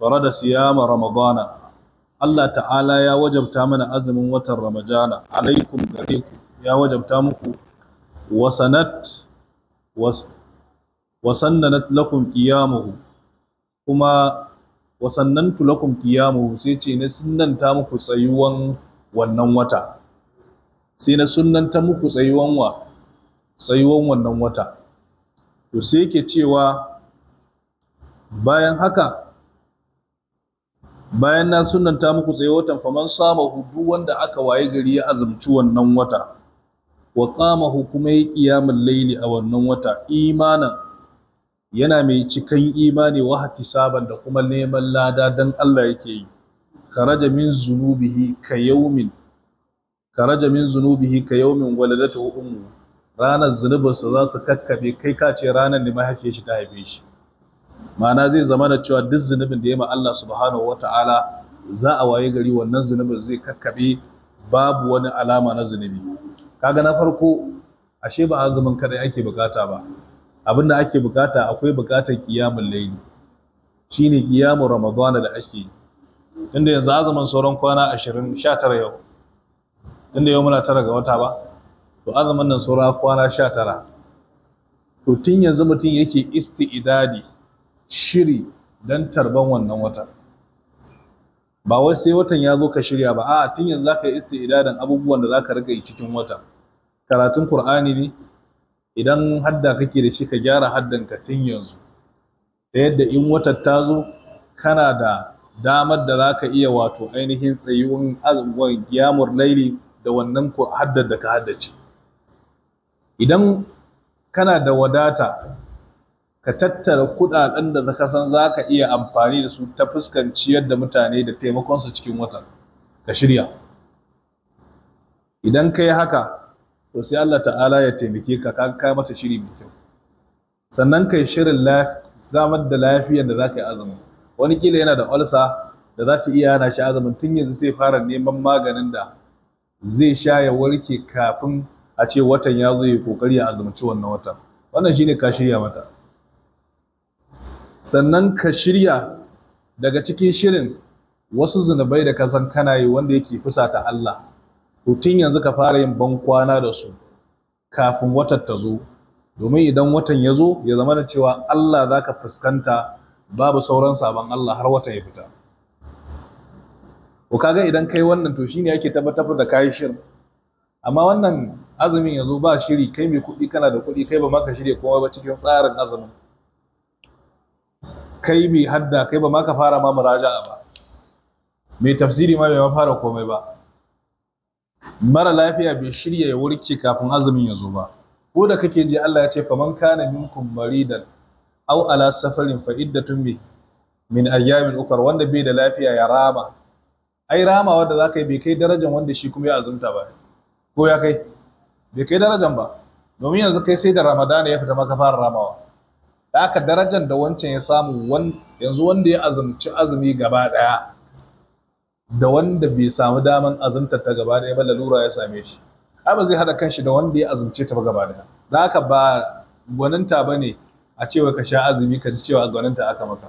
farada siyama ramadana Allah ta'ala ya wajabta mana azumin watan ramadana alaikum gare ku ya wajabta muku wasanat wasannanat lakum qiyamuhu kuma wasannantu lakum qiyamuhu sai ce na sunnanta muku tsayuwan wannan wata sai na sunnanta muku tsayuwan wa tsayuwan wannan wata to sai ke cewa bayan haka bayan na sunanta muku tsaye watan faman sama hudu wanda aka waye gari ya azumci wannan wata wa kama hukumai kiyamun laili a wannan wata imanan yana mai cikan imani wa hatisaban da kuma neman lada don Allah yake yi kharaja min zunubihi ka yaumin kharaja min zunubihi ka yaumin waladatu ummu ranar zunubarsa za su kakkabe kai ka ce ranar da mahaifiyar shi ta haife shi ma'ana zai zama da cewa duk zunubin da ya ma Allah subhanahu wata'ala za a waye gari wannan zunubin zai kakkabe babu wani alama na zunubi kaga na farko ashe ba azumin kadai ake bukata ba abinda ake bukata akwai bukatar qiyamul layli shine qiyamul ramadan da ake inda yanzu azumin sauran kwana 29 yau inda yau muna tara ga wata ba to azumin nan saura kwana 19 to tun yanzu mutum yake isti'idadi shiri don tarban wannan watan ba wai sai watan ya zo ka shirya ba a'a tun yanzu zaka yi isti'dadan abubuwan da zaka rika yi cikin wata karatun Qur'ani ne idan hadda kake da shi ka gyara haddan ka tun yanzu ta yadda in watan ta zo kana da damar da zaka iya wato ainihin tsayuwan azumin qiyamul laili da wannan haddar da ka haddace idan kana da wadata ka tattara kudaden da ka san za ka iya amfani da su ta fuskanci ciyar da mutane da taimakonsu cikin watan ka shirya idan ka yi haka to sai Allah ta'ala ya taimake ka ka kai mata shiri mai kyau sannan kai yi shirin samar da lafiyar da za ka yi azumi wani kila yana da olsa da za ta iya hana shi azumin tun yanzu sai fara neman maganin da zai sha ya warke kafin a ce watan ya zo ya kokari ya azumci wannan watan wannan shine ka shirya mata sannan ka shirya daga cikin shirin wasu zunubai da ka san kana yi wanda yake fusata Allah to tun yanzu ka fara yin ban kwana da su kafin watan ta zo domin idan watan ya zo ya zama da cewa Allah za ka fuskanta babu sauran sabon Allah har watan ya fita ko kaga idan kai wannan to shine yake tabbatar da kayi shirin amma wannan azumin ya zo ba shiri kai mai kuɗi kana da kuɗi kai ba ma ka shirya komai ba cikin tsarin azumin kai mai hadda kai ba ma ka fara ma muraja'a ba mai tafsiri ma bai ma fara komai ba mara lafiya bai shirya ya warke kafin azumin ya zo ba ko da kake ji Allah ya ce fa man kana minkum maridan aw ala safarin fa iddatun bi min ayyamin ukar wanda bai da lafiya ya rama ai rama wanda zaka yi bai kai darajar wanda shi kuma ya azumta ba ko ya kai bai kai darajar ba domin yanzu kai sai da ramadana ya fita maka fara ramawa da aka darajar da wancan ya samu yanzu wanda ya azumci azumi gaba daya da wanda bai samu daman azumta ta gaba daya ba lalura ya same shi ai ba zai hada kanshi da wanda ya azumce ta gaba daya da aka ba gwaninta ba ne a cewa ka sha azumi ka ji cewa gwaninta aka maka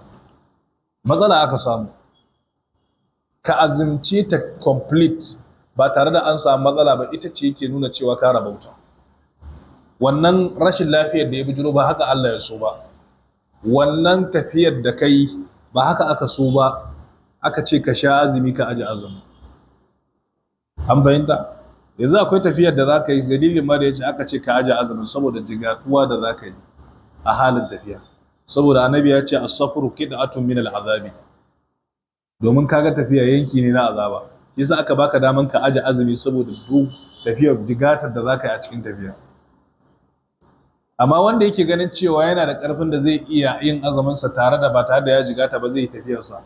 matsala aka samu ka azumce ta complete ba tare da an samu matsala ba ita ce yake nuna cewa ka rabauta wannan rashin lafiyar da ya bijiro ba haka Allah ya so ba wannan tafiyar da kai ba haka aka so ba aka ce ka sha azumi ka aji azumi an fahimta yanzu akwai tafiyar da za ka yi dalilin ma da ya ce aka ce ka aji azumin saboda jigatuwa da za ka yi a halin tafiya saboda annabi ya ce as-safru qid'atun min al-azabi domin kaga tafiya yanki ne na azaba shi yasa aka baka daman ka aje azumi saboda duk tafiyar jigatar da zaka yi a cikin tafiya amma wanda yake ganin cewa yana da ƙarfin da zai iya yin azuminsa tare da ba tare da ya jiga ta ba zai yi tafiyarsa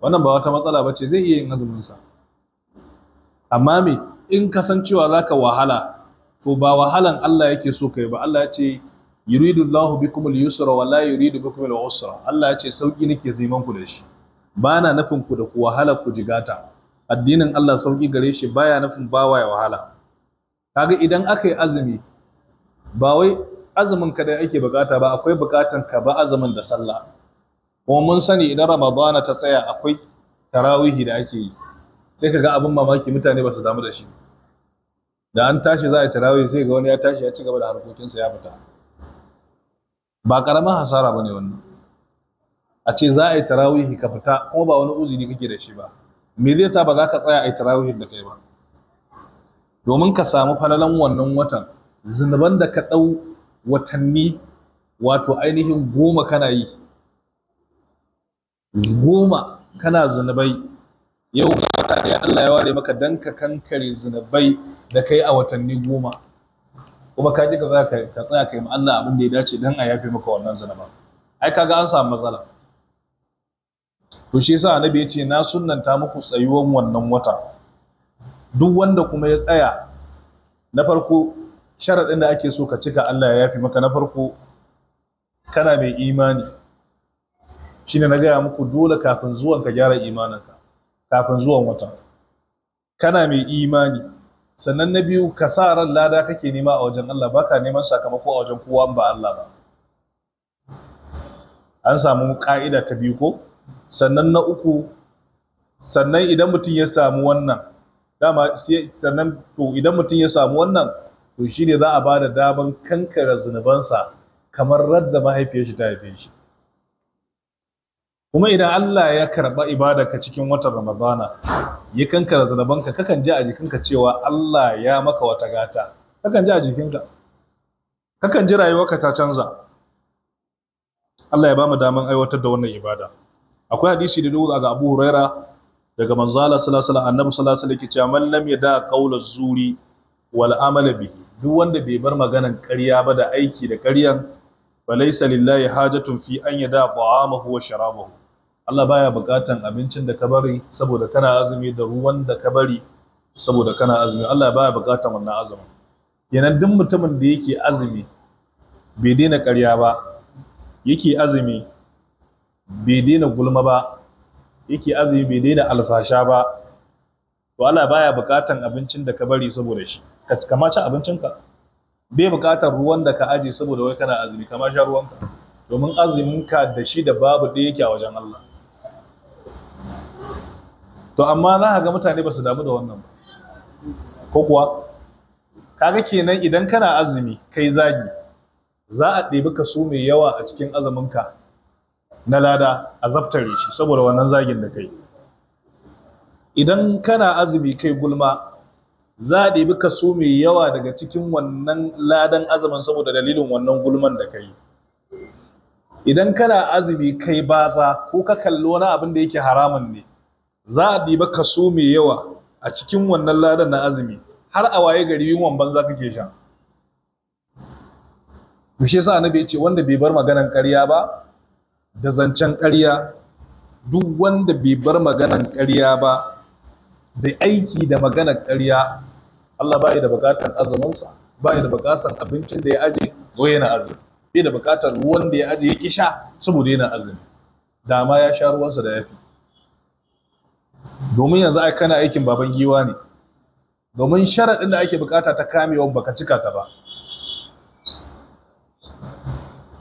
wannan ba wata matsala ba ce zai iya yin azuminsa amma me in ka san cewa za ka wahala to ba wahalan Allah yake so kai ba Allah ya ce yuridu Allahu bikum al-yusra wa la yuridu bikum al-usra Allah ya ce sauki nake zaman ku da shi ba na nufin ku da ku wahala ku jiga ta addinin Allah sauki gare shi baya nufin wa ya wahala kaga idan aka yi azumi ba wai azumin ka da ake bukata ba akwai bukatan ka ba azumin da sallah kuma mun sani idan ramadana ta tsaya akwai tarawihi da ake yi sai ka ga abin mamaki mutane ba su damu da shi da an tashi za a yi tarawihi sai ga wani ya tashi ya ci gaba da harkokinsa ya fita ba karamin hasara ba ne wannan a ce za a yi tarawihi ka fita kuma ba wani uzuri kake da shi ba me zai sa ba za ka tsaya a yi tarawihin da kai ba domin ka samu falalan wannan watan zunuban da ka ɗau watanni wato ainihin goma kana yi goma kana zunubai yau ka ne Allah ya ware maka dan ka kankare zunubai da kai a watanni goma kuma ka ji ka ka tsaya kai ma Allah abin da ya dace dan a yafe maka wannan zunuban ai kaga an samu matsala to shi yasa annabi ya ce na sunnanta muku tsayuwan wannan wata duk wanda kuma ya tsaya na farko sharaɗin da ake so ka cika Allah ya yafi maka na farko kana mai imani shine na gaya muku dole kafin zuwan ka gyara imaninka kafin zuwan wata kana mai imani sannan na biyu ka sa ran lada kake nema a wajen Allah baka neman sakamako a wajen kowa ba Allah ba an samu ka'ida ta biyu ko sannan na uku sannan idan mutum ya samu wannan dama sannan to idan mutum ya samu wannan to shi ne za a ba da daban kankara zunubansa kamar radda mahaifiyar shi ta haife shi kuma idan Allah ya karɓa ibadarka cikin watan Ramadana ya kankara zunubanka kakan ji a jikinka cewa Allah ya maka wata gata kakan ji a jikinka kakan ji rayuwarka ta canza Allah ya ba mu daman aiwatar da wannan ibada akwai hadisi da dole ga Abu Huraira daga manzo Allah sallallahu alaihi wasallam annabi sallallahu alaihi wasallam ya ce man lam yada qawla zuri wal amala bihi duk wanda bai bar maganan ƙarya ba da aiki da ƙaryan falaisa lillahi hajatun fi an yada ta'amahu wa sharabahu Allah baya buƙatan abincin da ka bari saboda kana azumi da ruwan da ka bari saboda kana azumi Allah baya buƙatan wannan azumin kenan duk mutumin da yake azumi bai daina ƙarya ba yake azumi bai daina gulma ba yake azumi bai daina alfasha ba to Allah baya buƙatan abincin da ka bari saboda shi ka kama ci abincinka bai buƙatar ruwan da ka aje saboda wai kana azumi kama sha ruwanka domin azuminka da shi da babu ɗaya yake a wajen Allah to amma za ka ga mutane ba su damu da wannan ba ko kuwa kaga kenan idan kana azumi kai zagi za a ɗebi su mai yawa a cikin azuminka na lada a zaftare shi saboda wannan zagin da kai idan kana azumi kai gulma za a ɗebi kaso mai yawa daga cikin wannan ladan azumin saboda dalilin wannan gulman da ka yi idan kana azumi kai baza ko ka kalli wani abin da yake haramun ne za a ɗabi kaso mai yawa a cikin wannan ladan na azumi har a waye gari yin banza kake sha ke sha yasa sa na ce wanda bai bar maganan ƙarya ba da zancen karya, duk wanda bai bar maganan karya ba da aiki da maganar ƙarya Allah ya da buƙatar azuminsa ya da buƙatar abincin da ya aje zo yana azumi bai da buƙatar ruwan da ya aje ya kisha saboda yana azumi da ya sha ruwansa da yafi domin yanzu ai kana aikin baban giwa ne domin sharaɗin da ake buƙata ta kamewa baka cika ta ba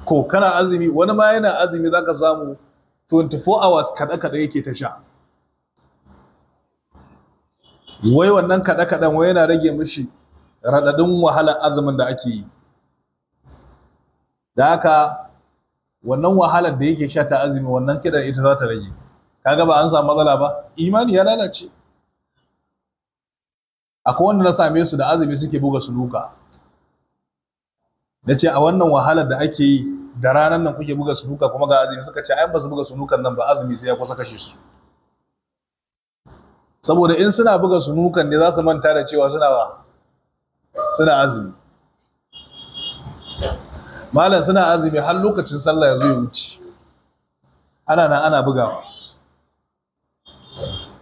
ko kana azumi wani ma yana azumi zaka samu 24 hours kada kada yake ta sha wai wannan kaɗe kaɗen wai yana rage mishi raɗaɗin wahalar azumin da ake yi da haka wannan wahalar da yake sha ta azumi wannan kiɗa ita za ta rage kaga ba an samu matsala ba imani ya lalace akwai wanda na same su da azumi suke buga suluka na ce a wannan wahalar da ake yi da ranar nan kuke buga suluka kuma ga azumi suka ce ai ba su buga sulukan nan ba azumi sai ya kusa kashe su saboda in suna buga sunukan ne za su manta da cewa suna suna azumi malam suna azumi har lokacin sallah zo ya wuce ana nan ana bugawa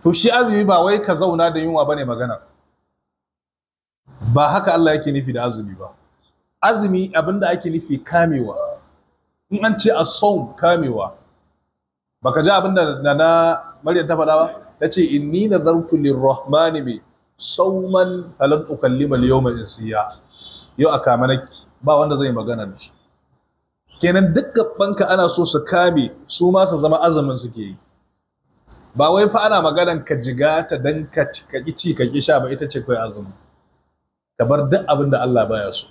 to shi azumi ba wai ka zauna da yunwa bane magana ba haka Allah yake nufi da azumi ba azumi abinda ake nufi kamewa in an ce a sawm kamewa baka ji abin da na Maryam ta faɗa ba ta ce inni nazartu lirrahmani bi sauman falan ukallima al insiya yau a kamanaki ba wanda zai magana da shi kenan duk gabanka ana so su kame su ma su zama azumin suke yi ba wai fa ana maganan ka jiga ta dan ka ci ci ka ba ita ce kai azumi ka bar duk abin da Allah baya so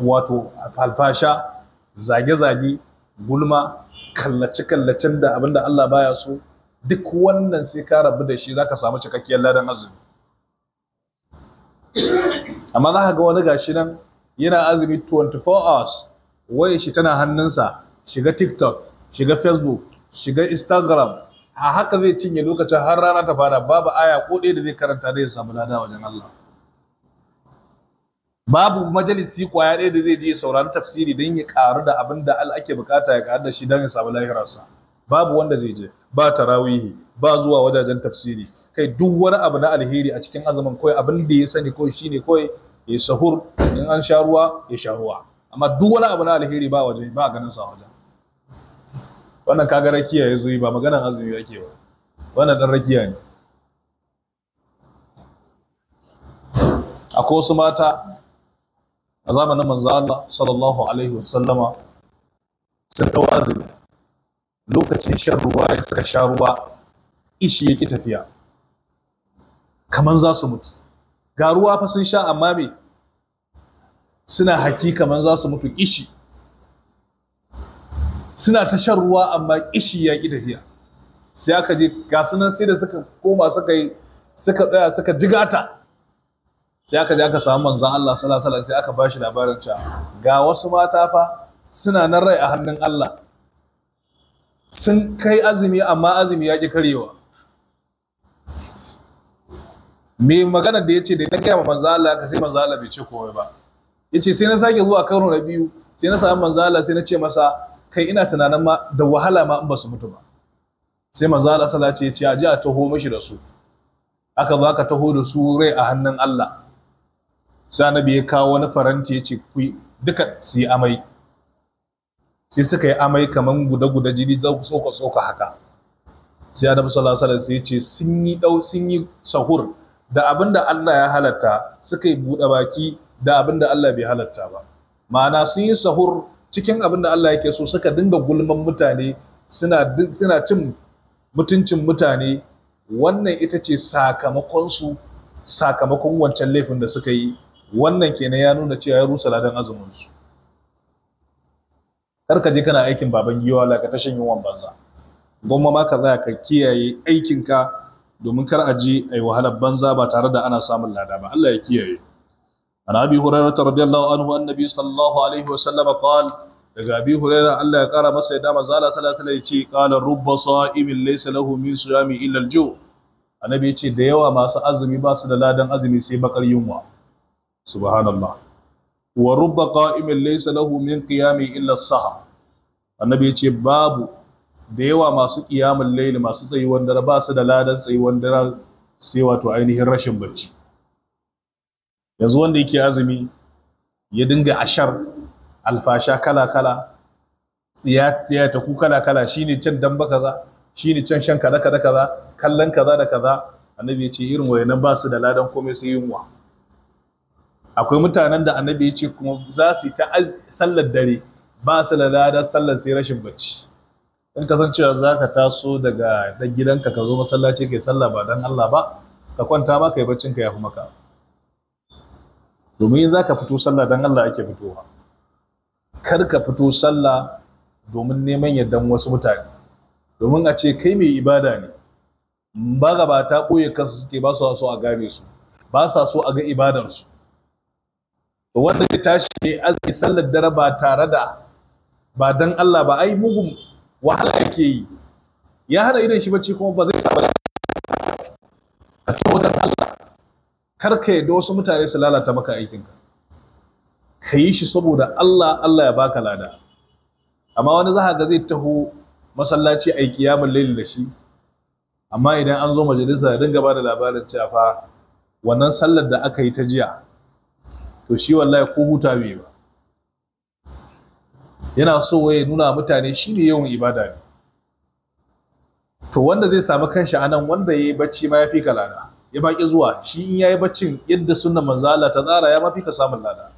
wato alfasha zage-zage gulma kallace-kallacen da abinda Allah baya so duk wannan sai ka rabu da shi za ka samu cikakkiyar ladan azumi amma za ka ga wani gashi nan yana azumi 24 hours waye shi tana hannunsa shiga tiktok shiga facebook shiga instagram a haka zai cinye lokacin har rana ta fara babu aya ko ɗaya da zai karanta da ya samu lada wajen Allah babu majalisi kwaya ɗaya da zai je saurari tafsiri don ya karu da abin da ake bukata ya karu da shi don ya samu lahirarsa babu wanda zai je ba tarawihi ba zuwa wajajen tafsiri kai duk wani abu na alheri a cikin azumin kawai abin da ya sani kawai shine kawai ya sahur in an sha ruwa ya sha ruwa amma duk wani abu na alheri ba waje ba ganin sa wajen wannan kaga rakiya ya zo ba maganan azumi yake ba wannan dan rakiya ne akwai wasu mata a zamanin manzo sallallahu alaihi wasallama sun dau azumi lokacin shan ruwa ya suka sha ruwa ishi yake tafiya kaman za su mutu ga ruwa fa sun sha amma me suna haki kaman za su mutu ishi suna ta shan ruwa amma ishi ya ki tafiya sai aka je ga sunan sai da suka koma suka yi suka tsaya suka jigata sai aka je aka samu manzon Allah sallallahu alaihi wasallam sai aka bashi labarin cewa ga wasu mata fa suna nan rai a hannun Allah sun kai azumi amma azumi ya ki karyewa me magana da yace da na ma manzon Allah ka sai manzon Allah bai ce komai ba yace sai na sake zuwa Kano na biyu sai na samu manzon Allah sai na ce masa kai ina tunanin ma da wahala ma in ba su mutu ba sai manzon Allah sallallahu alaihi ya ce a ji a taho mashi da su aka zo aka taho da su rai a hannun Allah sai annabi ya kawo wani faranti ya ce ku duka su yi amai sai suka yi amai kamar guda-guda jini soka soka haka sai annabi sallallahu alaihi wasallam ya ce sun yi dau sun yi sahur da abin da Allah ya halatta suka yi buɗe baki da abin Allah bai halatta ba ma'ana sun yi sahur cikin abinda da Allah yake so suka dinga gulman mutane suna suna cin mutuncin mutane wannan ita ce sakamakonsu sakamakon wancan laifin da suka yi wannan kenan ya nuna cewa ya rusa ladan azumin su kar ka je kana aikin baban giwa la ka ta shan yunwan banza gwamma ma ka za ka kiyaye aikinka domin kar a je a yi wahalar banza ba tare da ana samun lada ba Allah ya kiyaye an abi hurairah radiyallahu anhu annabi sallallahu alaihi wa sallam qal daga abi hurairah Allah ya kara masa yadda mazala sallallahu alaihi ya ce qala rubba sa'imin laysa lahu min siyami illa al-ju' annabi ya ce da yawa masu azumi ba su da ladan azumi sai bakar yunwa subhanallah wa rubba qa'imin laysa lahu min qiyami illa saha annabi yace babu da yawa masu qiyamul layl masu tsayuwar dare ba su da ladan tsayuwar dare sai wato ainihin rashin bacci yanzu wanda yake azumi ya dinga ashar alfasha kala kala tsiya tsiya ta ku kala kala shine can baka kaza shine can shan kada kada kaza kallon kaza da kaza annabi yace irin wayannan ba su da ladan komai sai yunwa akwai mutanen da annabi ya ce kuma za su yi ta sallar dare ba su da ladar sallar sai rashin bacci in kasancewa za ka taso daga dan gidanka ka zo masallaci kai sallah ba dan Allah ba ka kwanta ba kai baccin ka yafi maka domin za ka fito sallah dan Allah ake fitowa kar ka fito sallah domin neman yardan wasu mutane domin a ce kai mai ibada ne ba gaba ta ɓoye kansu suke ba su so a gane su ba sa so a ga ibadarsu wanda ya tashi azumi sallar dare ba tare da ba dan Allah ba ai mugun wahala yake yi ya hada idan shi bacci kuma ba zai saba a tsohon Allah kar ka yadda wasu mutane su lalata maka aikinka ka yi shi saboda Allah Allah ya baka lada amma wani za ga zai taho masallaci a yi kiyamun laili da shi amma idan an zo majalisa da dinga ba da labarin cewa fa wannan sallar da aka yi ta jiya to shi wallahi ko huta bai ba yana so waye nuna mutane shi ne yawan ibada ne to wanda zai samu kanshi a nan wanda ya yi bacci ma ya fi ka lada ya baki zuwa shi in ya yi baccin yadda sunna manzo Allah ta tsara ya ma fi ka samun lada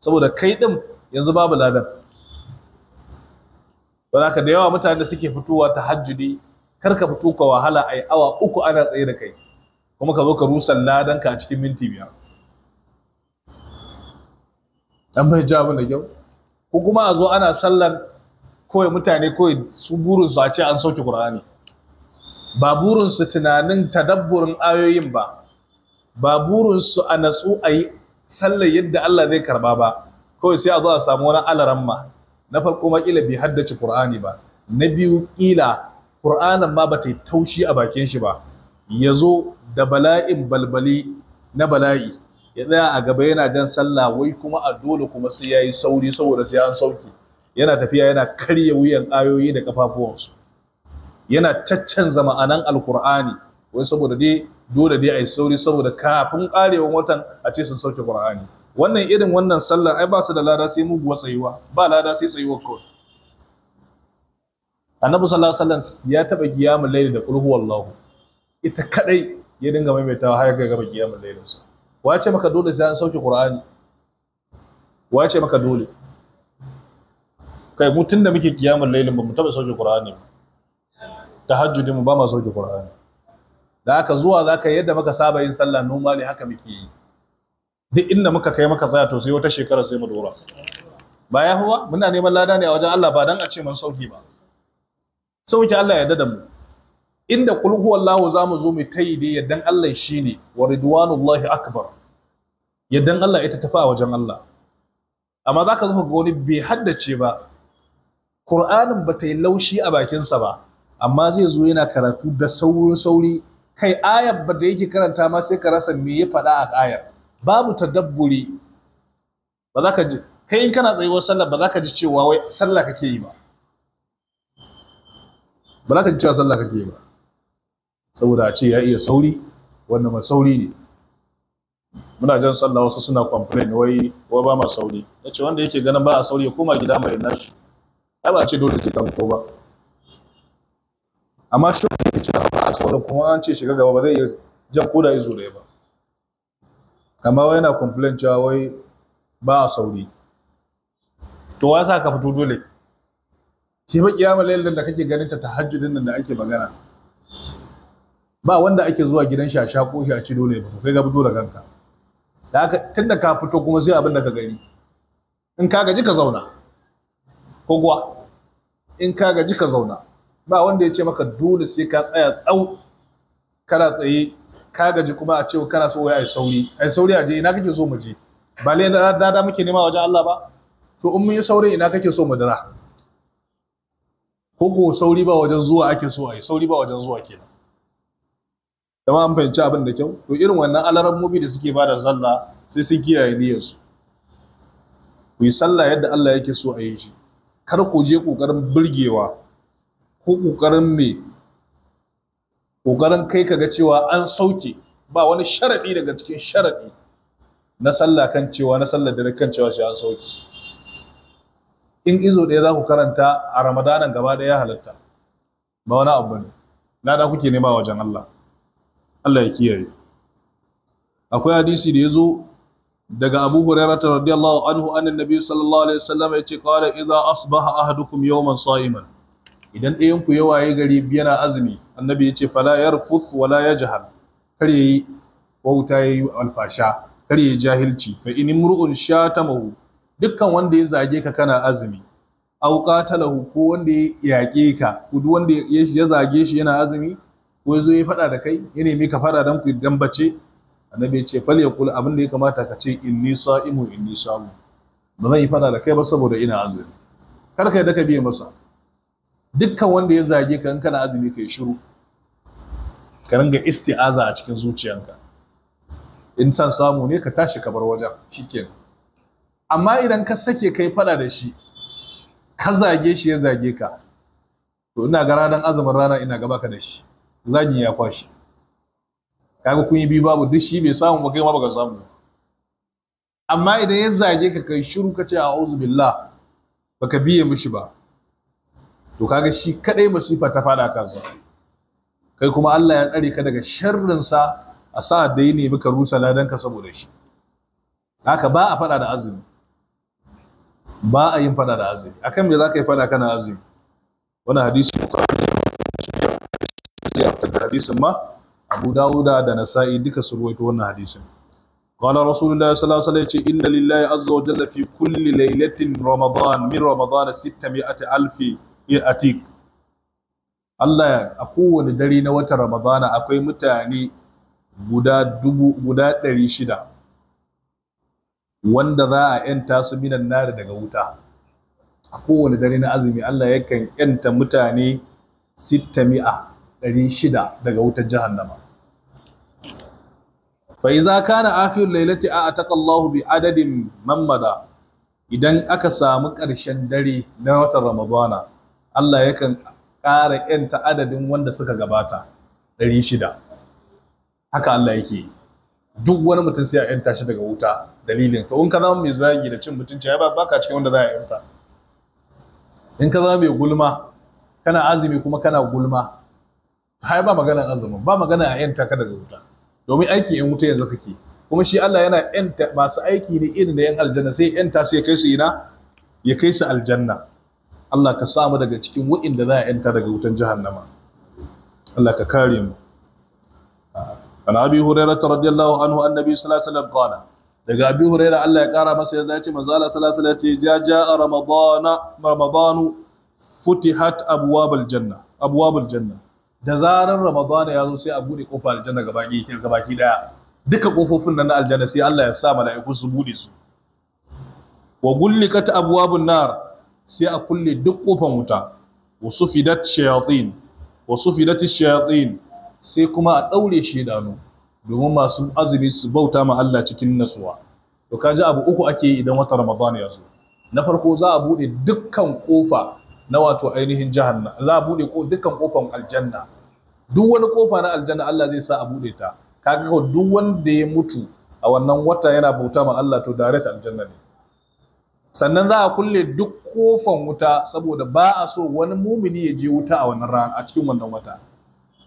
saboda kai din yanzu babu ladan wala ka da yawa mutane da suke fitowa ta hajjudi kar ka fito ka wahala ai awa uku ana tsaye da kai kuma ka zo ka rusa ladan ka a cikin minti biyar an bai jawo da kyau ko kuma a zo ana sallar kawai mutane kawai su burinsu a ce an sauke Kur'ani. ba burinsu tunanin tadabburin ayoyin ba ba burinsu a natsu a yi sallar yadda Allah zai karba ba kawai sai a zo a samu wani alaramma na farko ma bai haddace Qur'ani ba na biyu kila Qur'anin ma ba bata taushi a bakin shi ba ya zo da bala'in balbali na bala'i ya tsaya a gaba yana jan sallah wai kuma a dole kuma sai yayi sauri saboda sai an sauki yana tafiya yana karya wuyan ayoyi da kafafuwansu yana zama a nan alkur'ani wai saboda dai dole dai a yi sauri saboda kafin karewan watan a ce sun sauke qur'ani wannan irin wannan sallar ai ba su da lada sai muguwa tsayuwa ba lada sai tsayuwa kawai annabi sallallahu alaihi wasallam ya taba qiyamul layli da qulhu Wallahu, ita kadai ya dinga maimaitawa har ga gaba qiyamul laylinsa wace maka dole sai an sauke qur'ani wace maka dole kai mu tunda muke kiyamar lailin ba mu taba sauke qur'ani ba tahajjudin mu ba ma sauke qur'ani da haka zuwa zaka yadda maka saba yin sallah noma ne haka muke yi duk inda muka kai maka tsaya to sai wata shekara sai mu dora ba ya huwa muna neman lada ne a wajen Allah ba dan a ce mun sauki ba sauki Allah ya yarda da mu inda kul huwallahu zamu zo mu tayi dai yaddan Allah shine wa ridwanullahi akbar yaddan Allah ita tafi a wajen Allah amma zaka zo ga wani bai haddace ba Qur'anin ba ta yi laushi a bakinsa ba amma zai zo yana karatu da saurin sauri kai ayar ba da yake karanta ma sai ka rasa me ya faɗa a ayar babu tadabburi ba za ka ji kai in kana tsayuwar sallah ba za ka ji cewa wai sallah kake yi ba ba za ka ji cewa sallah kake yi ba saboda a ce ya iya sauri wanda ma sauri ne muna jan sallah wasu suna complain wai wa ba ma sauri ya ce wanda yake ganin ba a sauri ya koma gida mai nashi ai ba a ce dole sai ka fito ba amma shi ne ce ba a sauri kuma an ce shiga gaba ba zai iya jan koda izo da ba amma wai yana complain cewa wai ba a sauri to wasa sa ka fito dole shi ba kiyama lailin da kake ganin ta tahajjudin nan da ake magana ba wanda ake zuwa gidan shi a shako shi a ci dole ya fito kai ga fito da kanka da haka tunda ka fito kuma sai abin da ka gani in ka gaji ka zauna ko kuwa in ka gaji ka zauna ba wanda ya ce maka dole sai ka tsaya tsau kana tsaye ka gaji kuma a ce kana so yi sauri ai sauri a je ina kake so mu je ba na da da muke nema wajen Allah ba to in mun yi sauri ina kake so mu dira ko ko sauri ba wajen zuwa ake so ai sauri ba wajen zuwa kenan da ma an fahimci abin da kyau to irin wannan mobi da suke bada zalla sai sun kiyaye niyyarsu ku yi sallah yadda Allah yake so a yi shi kar ku je kokarin burgewa ko kokarin me kokarin kai kaga cewa an sauke ba wani sharaɗi daga cikin sharaɗi. na sallah kan cewa na sallar na kan cewa shi an sauke in izo ɗaya za ku karanta a ramadanan gaba ɗaya ya halatta ba wani abu ne na da kuke nema wajen Allah Allah ya kiyaye akwai hadisi da yazo daga Abu Hurairah radhiyallahu anhu annan nabi sallallahu alaihi wasallam yace qala idza asbaha ahadukum yawman sa'iman idan ɗayan ku ya waye gari yana azumi annabi ya yace fala yarfuth wala yajhal kar yi wauta yayi alfasha kar yi jahilci fa in imru'un shatamahu dukkan wanda ya zage ka kana azumi aw qatalahu ko wanda ya yaƙe ka duk wanda ya zage shi yana azumi ko zo ya faɗa da kai ya nemi ka faɗa don ku dambace annabi ya ce fal yaqul abin da ya kamata ka ce inni sa'imu inni sa'imu ba zan yi faɗa da kai ba saboda ina azumi kar ka da ka biye masa dukkan wanda ya zage ka in kana azumi kai shiru ka ringa isti'aza a cikin zuciyanka in san samu ne ka tashi ka bar wajen shikenan amma idan ka sake kai faɗa da shi ka zage shi ya zage ka to ina ga ranar azumin rana ina gaba ka da shi zagin ya kwashi kaga kun yi biyu babu duk shi bai samu ba kai ma baka samu amma idan ya zage ka kai shiru ka ce a'udhu billah baka biye mishi ba to kaga shi kadai masifa ta fada kansa kai kuma Allah ya tsare ka daga sharrin sa a sa da yi ne ka rusa ladan ka saboda shi haka ba a fada da azumi ba a yin fada da azumi akan me zaka yi fada kana azumi wannan hadisi sai ya fitar da hadisin ma Abu Dawud da Nasa'i duka su ruwaito wannan hadisin Qala Rasulullah sallallahu alaihi wasallam ce inda lillahi azza wa jalla fi kulli laylatin Ramadan min Ramadan 600000 ya atik Allah a kowane dare na wata Ramadana akwai mutane guda dubu guda ɗari shida wanda za a ‘yanta su minan da daga wuta a kowane dare na azumi Allah ya kan ‘yanta mutane sita sittami'a ɗari shida daga wutar jahannama fa iza kana akhirul laylati a ataqallahu bi adadin mamada idan aka samu ƙarshen dare na watan ramadana Allah yakan ƙara yanta adadin wanda suka gabata 600 haka Allah yake duk wani mutum sai a yanta shi daga wuta dalilin to in ka zama mai zagi da cin mutunci ya ba cikin wanda za a yanta in ka zama mai gulma kana azumi kuma kana gulma hai ba maganan azumin ba magana a yanta ka daga wuta domin aiki yan wuta yanzu kake kuma shi Allah yana yanta masu aiki ne irin da yan aljanna sai yanta sai kai su ina ya kai su aljanna Allah ka samu daga cikin wa'inda za a yanta daga wutan jahannama Allah ka kare mu an abi hurairah radiyallahu anhu annabi sallallahu alaihi wasallam qala daga abi hurairah Allah ya kara masa yanzu ya ce manzo Allah sallallahu alaihi wasallam ya ce ja ja'a ramadana ramadanu futihat abwabul janna abwabul janna da zarar ramadana ya zo sai a bude kofar aljanna gaba gabaki daya duka kofofin nan na aljanna sai Allah ya sa mala'iku su bude su wa gullikat abwabun nar sai a kulle duk kofan wuta wa sufidat shayatin wa sufidat shayatin sai kuma a daure shedanu domin masu azumi su bauta ma Allah cikin nasuwa to kaji abu uku ake yi idan wata ramadana ya zo na farko za a bude dukkan kofa na wato ainihin jahanna. za a bude dukkan kofan aljanna duk wani kofa na aljanna Allah zai sa a bude ta kaga ko duk wanda ya mutu a wannan wata yana bauta ma Allah to direct aljanna ne sannan za a kulle duk kofan wuta saboda ba a so wani mumini ya je wuta a wannan ran a cikin wannan wata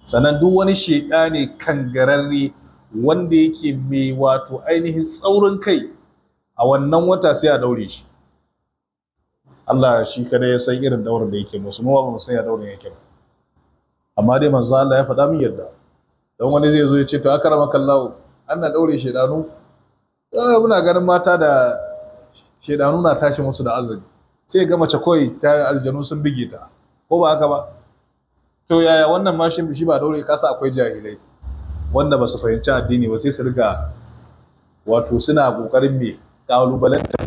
sannan duk wani shedani kangararre wanda yake mai wato ainihin tsaurin kai a wannan wata sai a daure shi Allah shi kada ya san irin daurin da yake musu mu ba mu san ya daurin yake ba amma dai manzo Allah ya faɗa min yadda dan wani zai zo ya ce to akrama kallahu ana daure shedanu eh muna ganin mata da shedanu na tashi musu da azumi sai ga mace koi ta aljanu sun bige ta ko ba haka ba to yaya wannan mashin shi ba daure kasa akwai jahilai wanda ba su fahimci addini ba sai su riga wato suna kokarin me kalubalanta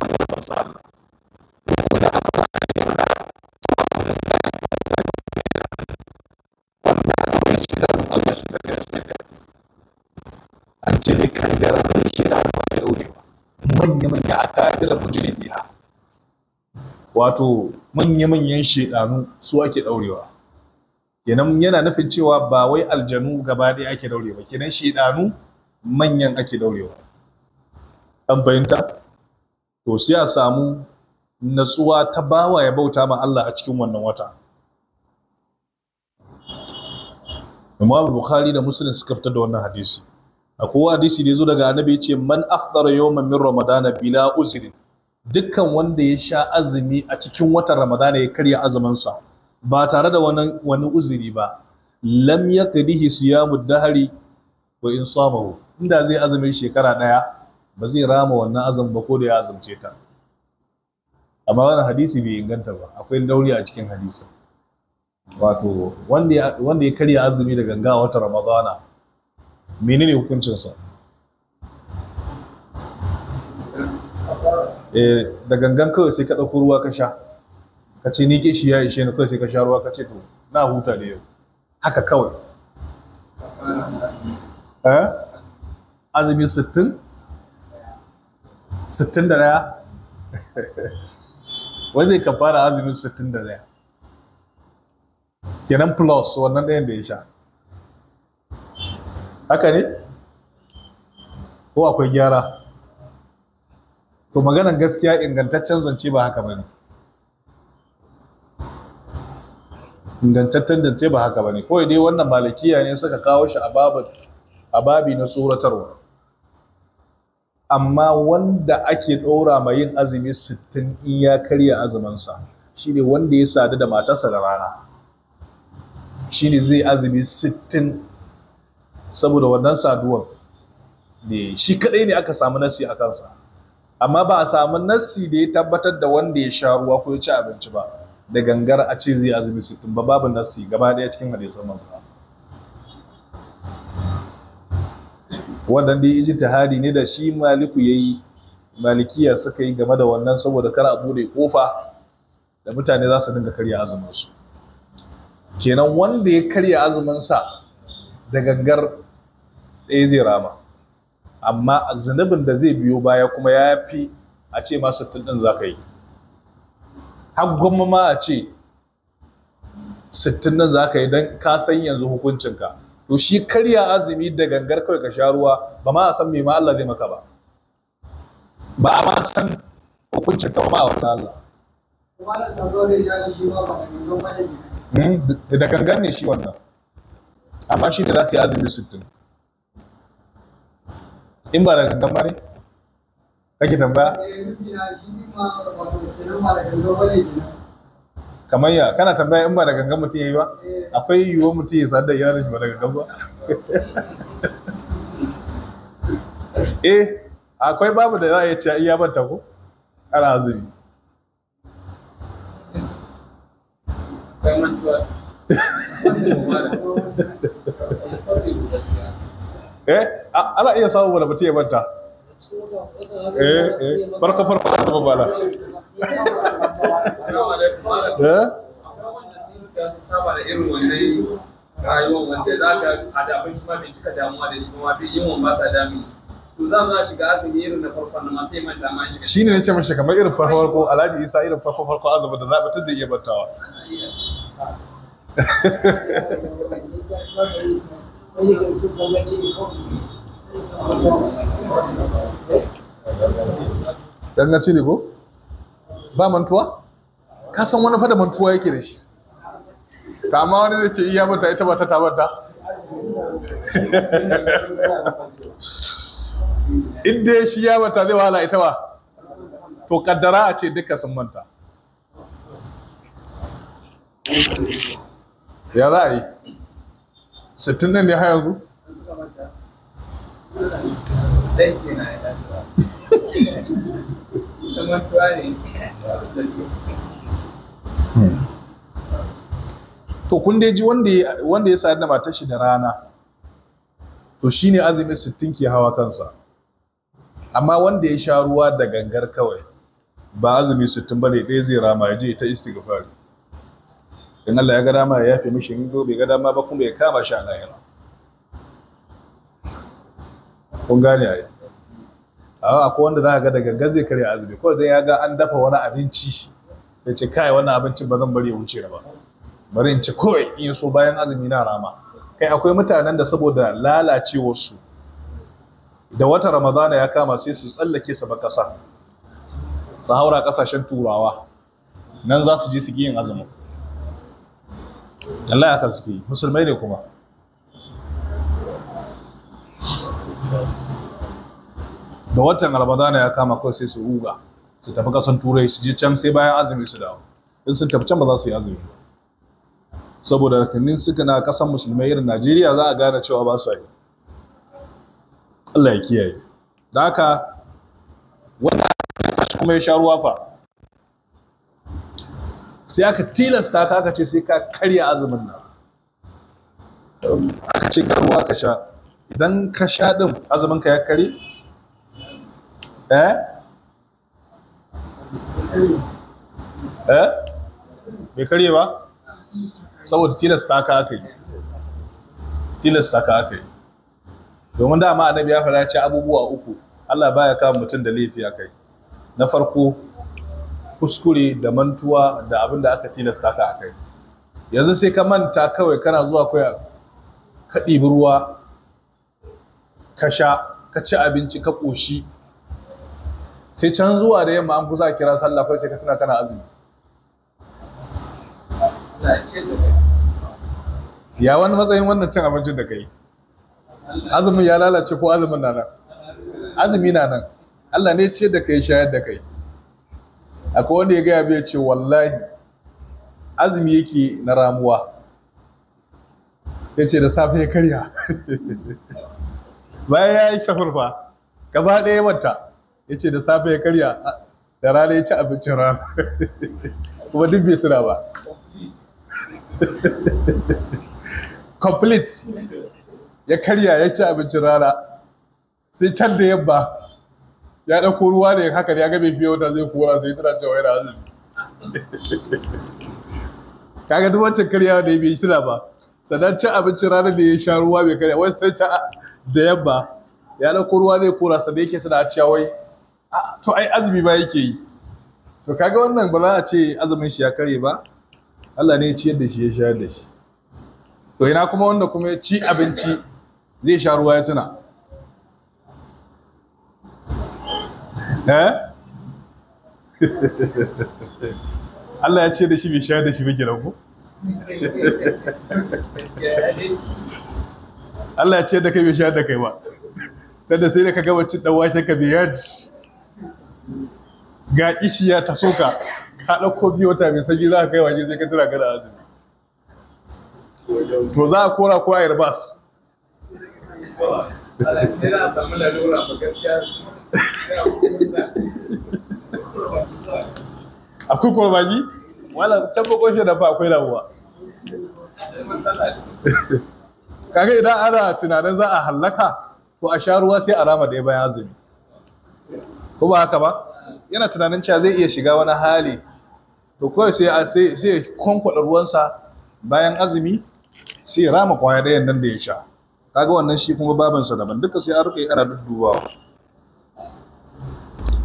ila fujilin biha wato manya-manyan shedanu su ake daurewa kenan yana nufin cewa ba wai aljanu gaba ɗaya ake daure ba kenan manyan ake daurewa an fahimta to sai a samu natsuwa ta bawa ya bauta ma Allah a cikin wannan wata Imam Bukhari da Muslim suka fitar da wannan hadisi akwai hadisi da zo daga annabi yace man afdara yawman min ramadana bila uzri dukkan wanda ya sha azumi a cikin watan ramadana ya karya azumin sa ba tare da wani wani uzuri ba lam yakdihi siyamu dahri wa in samahu inda zai azumin shekara daya ba zai rama wannan azum ba ko da ya azumce ta amma wannan hadisi bai inganta ba akwai lauri a cikin hadisi wato wanda ya karya azumi da ganga wata ramadana menene hukuncinsa eh, da gangan kawai sai ka ɗauko ruwa ka sha ka ce ni kishi ya ishe ni kawai sai ka sha ruwa ka ce to na huta da yau haka kawai eh? azumi sittin sittin da ɗaya wanda ka fara azumin sittin da daya. kenan plus wannan ɗayan da ya sha haka ne ko akwai gyara to maganan gaskiya ingantaccen zance ba haka bane ingantaccen zance ba haka bane kawai dai wannan malakiya ne suka kawo shi a babi na tsoratarwa amma wanda ake ɗora ma yin azumi sittin in ya karya azuminsa shine wanda ya sadu da matarsa da rana shine zai azumi sittin saboda wannan saduwar da shi kadai ne aka samu nassi a kansa amma ba a samu nasi da ya tabbatar da wanda ya sha ruwa ko ya ci abinci ba da gangar a ce zai azumi sittin ba babu nasi gaba daya cikin hadisan manzo wannan dai ijtihadi ne da shi maliku yayi malikiya suka yi game da wannan saboda kar a bude kofa da mutane za su dinga karya azumin su kenan wanda ya karya azumin sa da gangar ɗaya zai rama amma zunubin da zai biyo baya kuma ya fi a ce ma sittin ɗin za ka yi har ma a ce sittin ɗin za ka yi don ka san yanzu hukuncinka to shi karya azumi da gangar kawai ka sha ruwa ba ma a san me ma Allah zai maka ba ba a ma san hukuncin ka ba ma a wata Allah hmm? da gangan ne shi wannan amma shi ne za ka yi azumi sittin in ba da gangan ne kake tambaya kamar ya kana tambaya in ba da gangan mutum ya yi ba akwai yiwuwar mutum ya sadar da shi ba da gangan ba eh akwai babu da za a yi cewa iya banta ko ana azumi eh ana iya samu wani mutum ya manta eh eh farko farko a sama bala eh saba da irin wannan rayuwar wanda za ka hada abinci ma bai cika damuwa da shi kuma yin wamba ta dami to za mu shiga azumi irin na farko na masu yi manta ma shiga shine nace mashi kamar irin farko farko Alhaji Isa irin farko farko azumi da zaba ta zai iya bantawa danganci ne ko ba mantuwa ka san wani fada mantuwa yake da shi ta amma wani zai ce iya mata ita ba ta tabata? inda ya shi ya bata zai wahala ita ba to kaddara a ce duka sun manta ya za a yi Sittin ɗin ne ha yanzu to kun dai ji wanda ya sadu da matar shi da rana to shine azumin sittin ke hawa kansa amma wanda ya sha ruwa da gangar kawai ba azumi sittin bane ɗaya zai rama ya je ta istighfari in Allah ya ga dama ya yafe mishi in bai ga dama ba kuma ya kama shi a lahira kun gane a yi akwai wanda za a ga daga gaze kare azumi ko dai ya ga an dafa wani abinci ya ce kai wannan abincin ba zan bari ya wuce ba bari in ci kawai in so bayan azumi na rama kai akwai mutanen da saboda su. da wata ramadana ya kama sai su tsallake su ba kasa su haura kasashen turawa nan za su je su yin azumin Allah haka suke musulmai ne kuma da watan ramadana ya kama kawai sai su ruga su tafi kasan turai su je can sai bayan azumi su dawo in sun tafi can ba za su yi azumi saboda rakannin suka na kasan musulmai irin najeriya za a gane cewa ba su yi Allah ya kiyaye da haka wanda kuma ya sha ruwa fa sai aka tilasta ka aka ce sai ka karya azumin nan aka ce ka ruwa ka sha idan ka sha din azumin ka ya kare eh eh bai karye ba saboda tilasta ka aka yi tilasta ka aka yi domin dama annabi ya fara ce abubuwa uku Allah baya kama mutum da laifi kai, na farko kuskure da mantuwa da abin da aka tilasta ka a kai yanzu sai ka manta kawai kana zuwa kawai ka ɗibi ruwa ka sha ka ci abinci ka ƙoshi sai can zuwa da yamma an kusa kira sallah kawai sai ka tuna kana azumi ya wani matsayin wannan cin abincin da ka yi azumin ya lalace ko azumin na nan azumi na nan Allah ne ce da kai shayar da kai akwai wanda ya gaya bai ce wallahi azumi yake na ramuwa ya ce da safe ya karya bayan ya yi shafurfa gaba ɗaya manta ya ce da safe ya karya da rana ya ci abincin rana kuma duk bai tuna ba complete ya karya ya ci abincin rana sai can da yamma ya ɗauko ruwa ne haka ya gabe fiye wata zai kora sai tana cewa yana azumi kaga duk wancan karya da ya bai shira ba sannan cin abincin ranar da ya sha ruwa bai karya wai sai ta da yamma ya ɗauko ruwa zai kora sannan yake tana cewa wai to ai azumi ba yake yi to kaga wannan ba za a ce azumin shi ya karye ba Allah ne ya ciyar da shi ya shayar da shi to ina kuma wanda kuma ya ci abinci zai sha ruwa ya tuna Eh? Allah ya ce da shi bai shayar da shi bai gina ku? Allah ya ce da kai bai shayar da kai ba sanda sai da ka gaba cin ɗan wake ka ji. ga ishiya ta so ka ɗauko biyu wata mai sanyi za ka kai wake sai ka tura gada azumi to za a kora ko a yarbas Allah ya samu lalura ba gaskiya akwai kurmani wala can bakon shi da fa akwai damuwa kaga idan ana tunanin za a hallaka to a sha ruwa sai a rama da ya baya azumi ko ba haka ba yana tunanin cewa zai iya shiga wani hali to kawai sai sai sai kwankwada ruwansa bayan azumi sai rama kwaya dayan nan da ya sha kaga wannan shi kuma babansa daban duka sai a rufe yi ana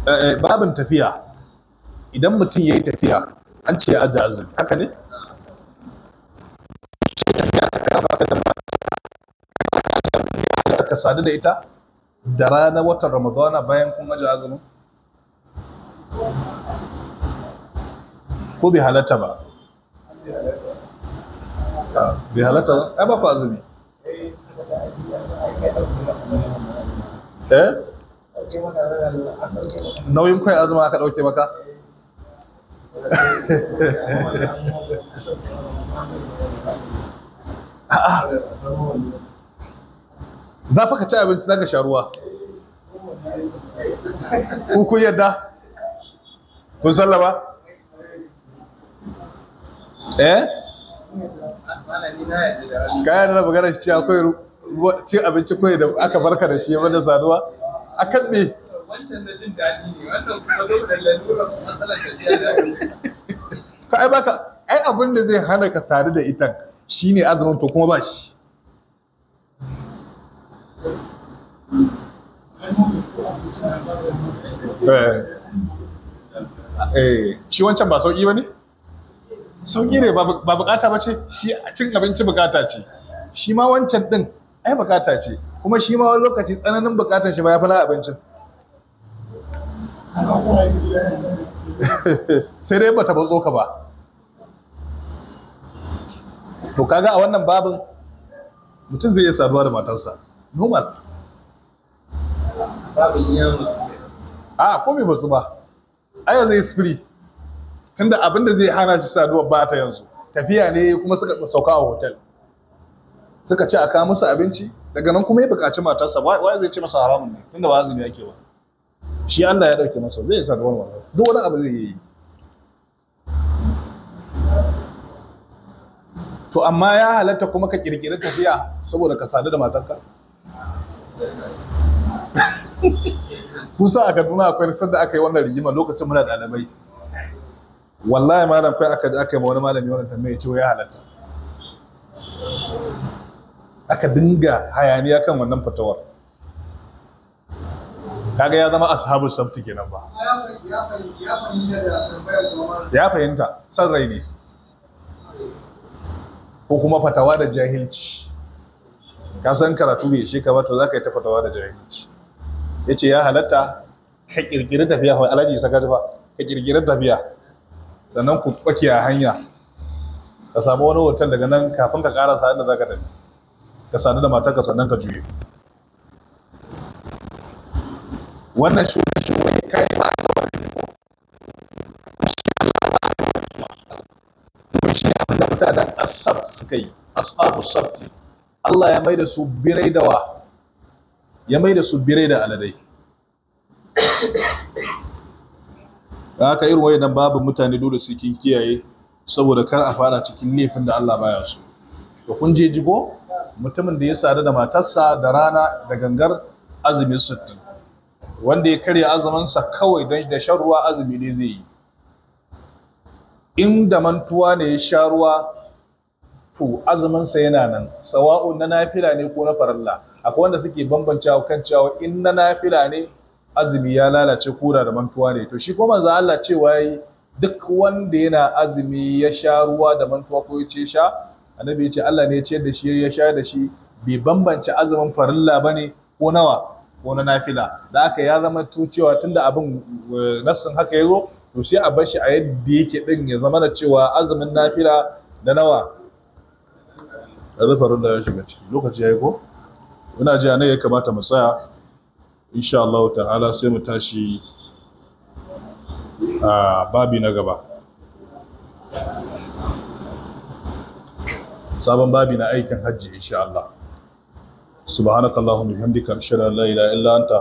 Eh, eh, babin tafiya idan mutum ya yi tafiya an ce aji azumi haka ne? ce tafiya ta kama ka da mata ka sadu da ita da rana watan ramadana bayan kun aji azumi ko bai halatta ba bi halatta ba ai ba ku azumi eh nauyin koyi azuma aka ɗauke maka za fa ka ci abinci daga sha ruwa kun yadda kun sallama eh kayan na magana shi akwai cin abinci kawai da aka barka da shi ya da saduwa a kan wancan na jin daɗi ne wannan kuma zai saboda lalurar matsalar da ka ai baka ai abin da zai hana ka sadu da itan shine azumin to kuma ba shi eh, eh, shi wancan ba sauƙi ba ne? sauƙi ne ba bukata ba ce shi cin abinci bukata ce shi ma wancan ɗin ai bukata ce kuma shi ma wani lokaci tsananin bukatar shi ba ya fara abincin sai dai bata bazo ka ba to kaga a wannan babin mutum zai iya saduwa da matarsa normal a ko bai bazu ba ai yanzu spiri tunda abinda zai hana shi saduwa ba ta yanzu tafiya ne kuma suka sauka a hotel suka ce a kawo musu abinci daga nan kuma ya buƙaci matarsa wa zai ce masa haramun ne tunda ba azumi yake ba shi Allah ya ɗauke masa zai isa ga wani duk wani abu zai yi to amma ya halatta kuma ka kirkiri tafiya saboda ka sadu da matarka kusa a kaduna akwai rasar da aka yi wannan rigima lokacin muna ɗalibai wallahi malam kai aka aka yi ma wani malami wannan tambaya ya ce ya halatta aka dinga hayaniya kan wannan fatawar kaga ya zama ashabu sabti kenan ba ya fahimta san rai ne ko kuma fatawa da jahilci ka san karatu bai shi ka ba to za yi ta fatawa da jahilci ya ce ya halatta ka kirkiri tafiya wai alaji isa ka jifa ka kirkiri tafiya sannan ku ɓake a hanya ka samu wani hotel daga nan kafin ka ƙarasa inda za ka tafi ka sadu da matarka sannan ka juye wannan shugaban shugaban kai ba ga wani ko shi abin da mutanen asab suka yi asabu sabti Allah ya da su birai da wa ya maida su birai da aladai ka irin wayannan babu mutane dole su kin kiyaye saboda kar a fara cikin laifin da Allah baya so to kun je jigo mutumin da ya sadu da matarsa da rana da gangar azumi sittin wanda ya karya azuminsa kawai don da shan ruwa azumi ne zai yi in mantuwa ne ya sha ruwa to azuminsa yana nan sawa'u na nafila ne ko na faralla? akwai wanda suke bambancewa kan cewa in na nafila ne azumi ya lalace koda da mantuwa ne to shi ko manzo Allah cewa duk wanda yana azumi ya sha ruwa da mantuwa ko ya ce sha annabi ya ce Allah ne ya ciyar da shi ya sha da shi bai bambance azumin farilla bane ko nawa ko na nafila da haka ya zama to cewa tunda abin eh, nasin haka yazo to sai a bar shi a yadda yake din ya zama da cewa azumin nafila da nawa da farilla ya shiga ciki lokaci yayi ko ina ji ne ya kamata mu tsaya insha Allah ta'ala sai mu tashi a ah, babi na gaba sabon babi na aikin hajji insha Allah subhanakallahumma bihamdika ashhadu an la ilaha illa anta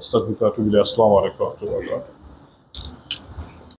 astaghfiruka wa atubu ilayk assalamu alaikum wa rahmatullahi wa barakatuh